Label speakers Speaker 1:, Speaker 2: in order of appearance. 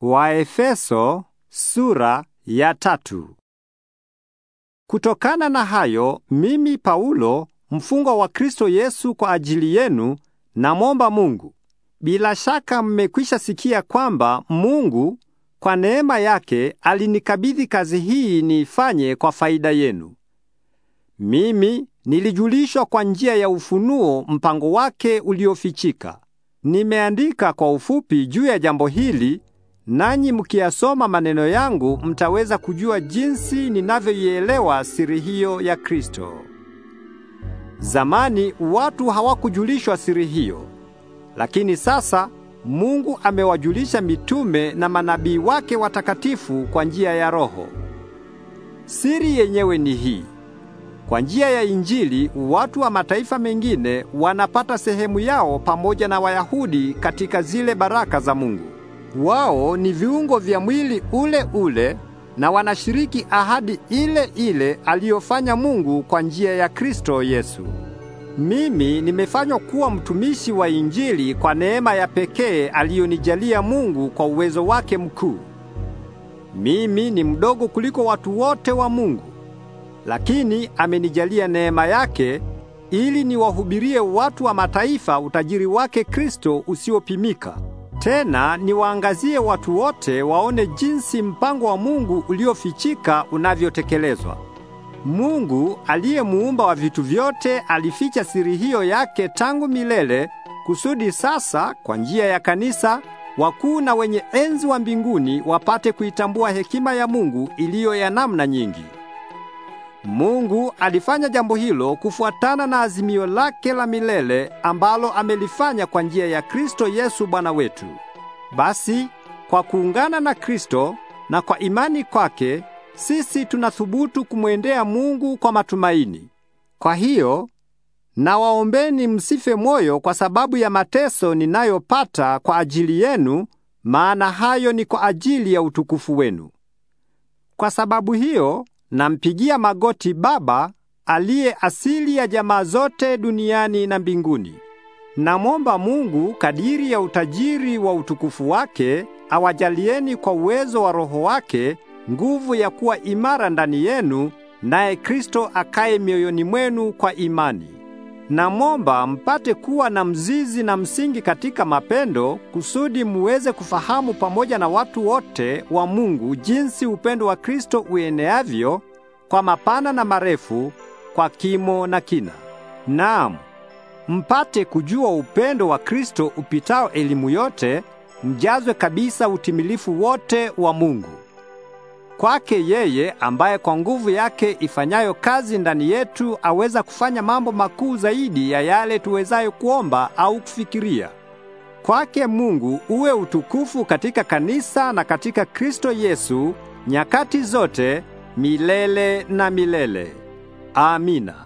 Speaker 1: Waefeso sura ya tatu. Kutokana na hayo, mimi Paulo, mfungwa wa Kristo Yesu kwa ajili yenu, namwomba Mungu. Bila shaka mmekwisha sikia kwamba Mungu kwa neema yake alinikabidhi kazi hii niifanye kwa faida yenu. Mimi nilijulishwa kwa njia ya ufunuo mpango wake uliofichika. Nimeandika kwa ufupi juu ya jambo hili Nanyi mkiyasoma maneno yangu mtaweza kujua jinsi ninavyoielewa siri hiyo ya Kristo. Zamani watu hawakujulishwa siri hiyo, lakini sasa Mungu amewajulisha mitume na manabii wake watakatifu kwa njia ya Roho. Siri yenyewe ni hii: kwa njia ya Injili watu wa mataifa mengine wanapata sehemu yao pamoja na Wayahudi katika zile baraka za Mungu. Wao ni viungo vya mwili ule ule na wanashiriki ahadi ile ile aliyofanya Mungu kwa njia ya Kristo Yesu. Mimi nimefanywa kuwa mtumishi wa Injili kwa neema ya pekee aliyonijalia Mungu kwa uwezo wake mkuu. Mimi ni mdogo kuliko watu wote wa Mungu, lakini amenijalia neema yake ili niwahubirie watu wa mataifa utajiri wake Kristo usiopimika. Tena niwaangazie watu wote waone jinsi mpango wa Mungu uliofichika unavyotekelezwa. Mungu aliye muumba wa vitu vyote alificha siri hiyo yake tangu milele kusudi sasa kwa njia ya kanisa wakuu na wenye enzi wa mbinguni wapate kuitambua hekima ya Mungu iliyo ya namna nyingi. Mungu alifanya jambo hilo kufuatana na azimio lake la milele ambalo amelifanya kwa njia ya Kristo Yesu Bwana wetu. Basi kwa kuungana na Kristo na kwa imani kwake sisi tunathubutu kumwendea Mungu kwa matumaini. Kwa hiyo nawaombeni msife moyo kwa sababu ya mateso ninayopata kwa ajili yenu, maana hayo ni kwa ajili ya utukufu wenu. Kwa sababu hiyo Nampigia magoti Baba aliye asili ya jamaa zote duniani na mbinguni. Namwomba Mungu kadiri ya utajiri wa utukufu wake awajalieni kwa uwezo wa Roho wake nguvu ya kuwa imara ndani yenu, naye Kristo akae mioyoni mwenu kwa imani. Namwomba mpate kuwa na mzizi na msingi katika mapendo, kusudi muweze kufahamu pamoja na watu wote wa Mungu jinsi upendo wa Kristo ueneavyo kwa mapana na marefu, kwa kimo na kina. Naam, mpate kujua upendo wa Kristo upitao elimu yote, mjazwe kabisa utimilifu wote wa Mungu. Kwake yeye ambaye kwa nguvu yake ifanyayo kazi ndani yetu aweza kufanya mambo makuu zaidi ya yale tuwezayo kuomba au kufikiria. Kwake Mungu uwe utukufu katika kanisa na katika Kristo Yesu nyakati zote milele na milele. Amina.